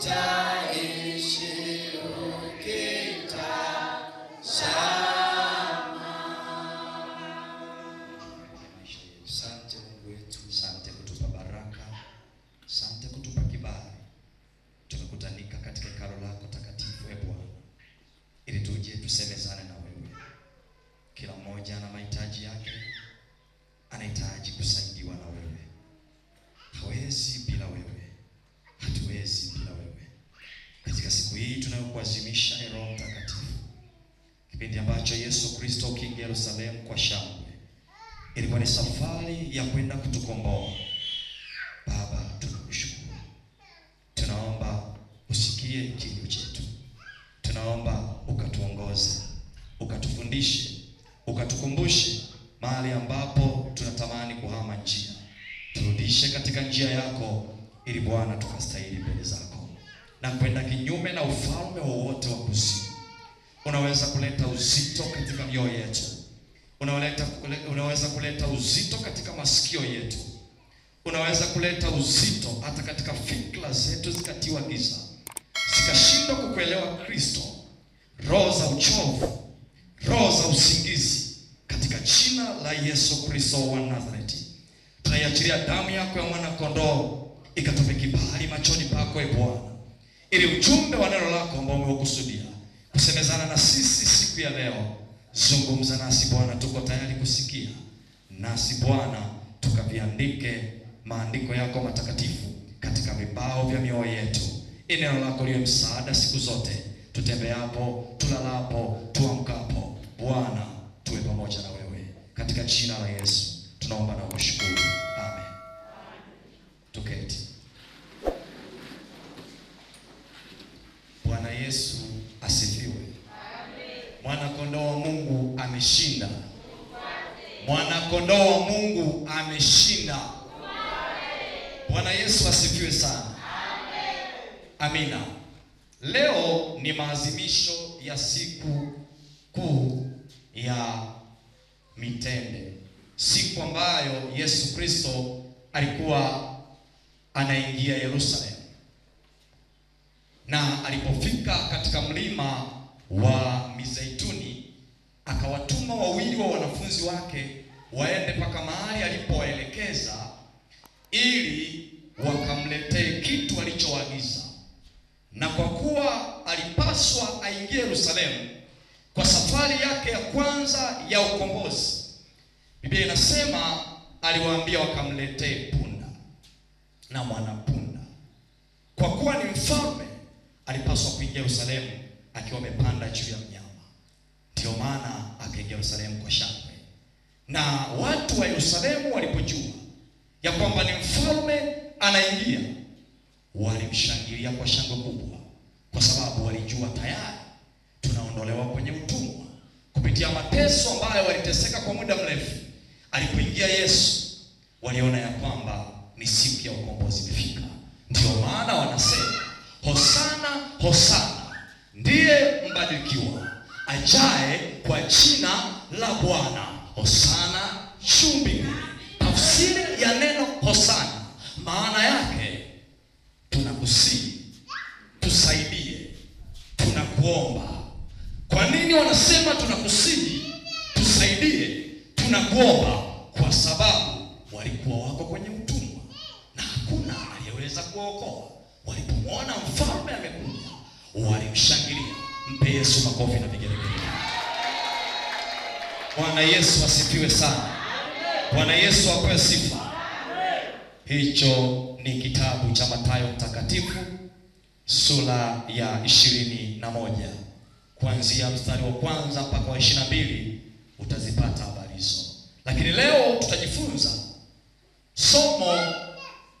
down. Yerusalemu kwa shangwe. Ilikuwa ni safari ya kwenda kutukomboa. Baba, tunakushukuru, tunaomba usikie kilio chetu, tunaomba ukatuongoze, ukatufundishe, ukatukumbushe mahali ambapo tunatamani kuhama njia, turudishe katika njia yako, ili Bwana tukastahili mbele zako na kwenda kinyume na ufalme wowote wa kuzimu unaweza kuleta uzito katika mioyo yetu unaweza unaweza kuleta uzito katika masikio yetu, unaweza kuleta uzito hata katika fikra zetu zikatiwa giza, zikashindwa kukuelewa Kristo. Roho za uchovu, roho za usingizi, katika jina la Yesu Kristo wa Nazareti, tunaiachilia damu yako ya mwana kondoo ikatupe kibali machoni pako, e Bwana, ili ujumbe wa neno lako ambao umeukusudia kusemezana na sisi siku ya leo Zungumza nasi Bwana, tuko tayari kusikia, nasi Bwana tukaviandike maandiko yako matakatifu katika vibao vya mioyo yetu, eneo lako liwe msaada siku zote, tutembeapo, tulalapo, tuamkapo. Bwana, tuwe pamoja na wewe, katika jina la Yesu tunaomba na kushukuru. mwanakondoo wa Mungu ameshinda. Bwana Yesu asifiwe sana. Amina. Leo ni maadhimisho ya siku kuu ya mitende, siku ambayo Yesu Kristo alikuwa anaingia Yerusalemu, na alipofika katika mlima wa Mizeituni akawatuma wawili wa wanafunzi wake waende mpaka mahali alipowaelekeza ili wakamletee kitu alichoagiza. Na kwa kuwa alipaswa aingie Yerusalemu kwa safari yake ya kwanza ya ukombozi, Biblia inasema aliwaambia wakamletee punda na mwanapunda. Kwa kuwa ni mfalme, alipaswa kuingia Yerusalemu akiwa amepanda juu ya mnyama, ndiyo maana akaingia Yerusalemu kwa shangwe. Na watu wa Yerusalemu walipojua ya kwamba ni mfalme anaingia, walimshangilia kwa shangwe kubwa, kwa sababu walijua tayari tunaondolewa kwenye utumwa kupitia mateso ambayo waliteseka kwa muda mrefu. Alipoingia Yesu, waliona ya kwamba ni siku ya ukombozi imefika. Ndio maana wanasema hosana, hosana, ndiye mbarikiwa ajaye wengine wanasema tunakusihi, tusaidie, tunagoba kwa sababu walikuwa wako kwenye utumwa na hakuna aliyeweza kuwaokoa. Walipomwona mfalme amekuja, walimshangilia. Mpe Yesu makofi na vigelegele. Bwana Yesu asifiwe sana. Bwana Yesu apewe sifa. Hicho ni kitabu cha Mathayo Mtakatifu sura ya ishirini na moja kuanzia mstari wa kwanza mpaka wa ishirini na mbili utazipata habari hizo. Lakini leo tutajifunza somo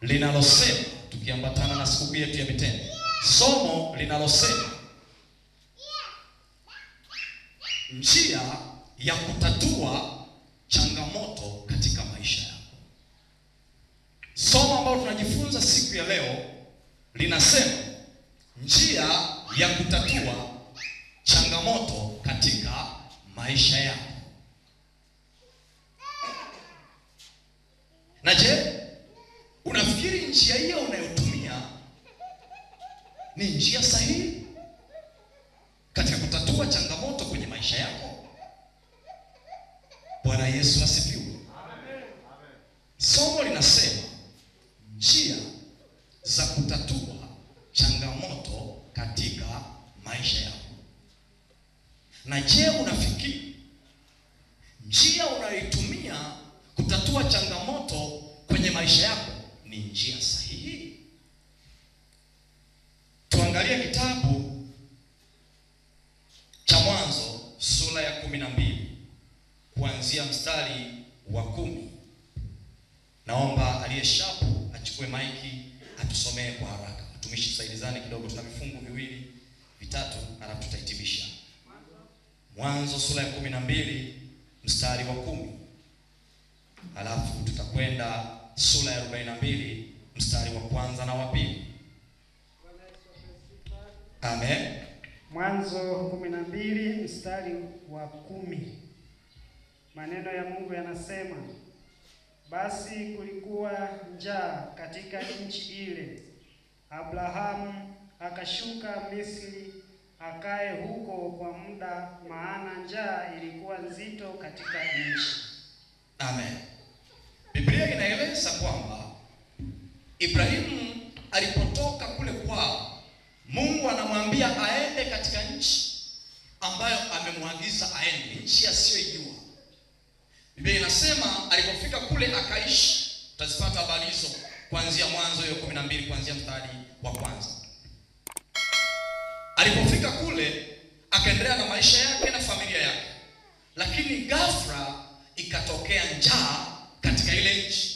linalosema, tukiambatana na sikukuu yetu ya mitende, somo linalosema njia ya kutatua changamoto katika maisha yako. Somo ambalo tunajifunza siku ya leo linasema njia ya kutatua changamoto katika maisha yako. Na je, unafikiri njia hiyo unayotumia ni njia sahihi katika kutatua changamoto kwenye maisha yako? Bwana Yesu asifiwe. maisha yako ni njia sahihi? Tuangalie kitabu cha Mwanzo sura ya kumi na mbili kuanzia mstari wa kumi. Naomba aliye shapu achukue maiki atusomee kwa haraka. Mtumishi, tusaidizane kidogo, tuna vifungu viwili vitatu, alafu tutahitimisha. Mwanzo sura ya kumi na mbili mstari wa kumi, alafu tutakwenda sura ya 42 mstari wa kwanza na wa pili. Amen. Mwanzo 12 mstari wa kumi. Maneno ya Mungu yanasema, basi kulikuwa njaa katika nchi ile. Abrahamu akashuka Misri akae huko kwa muda, maana njaa ilikuwa nzito katika nchi. Ibrahimu alipotoka kule kwao, Mungu anamwambia aende katika nchi ambayo amemwagiza aende, nchi asiyoijua. Biblia inasema alipofika kule akaishi. Utazipata habari hizo kuanzia Mwanzo hiyo 12 kuanzia mstari wa kwanza. Alipofika kule akaendelea na maisha yake na familia yake, lakini ghafla ikatokea njaa katika ile nchi.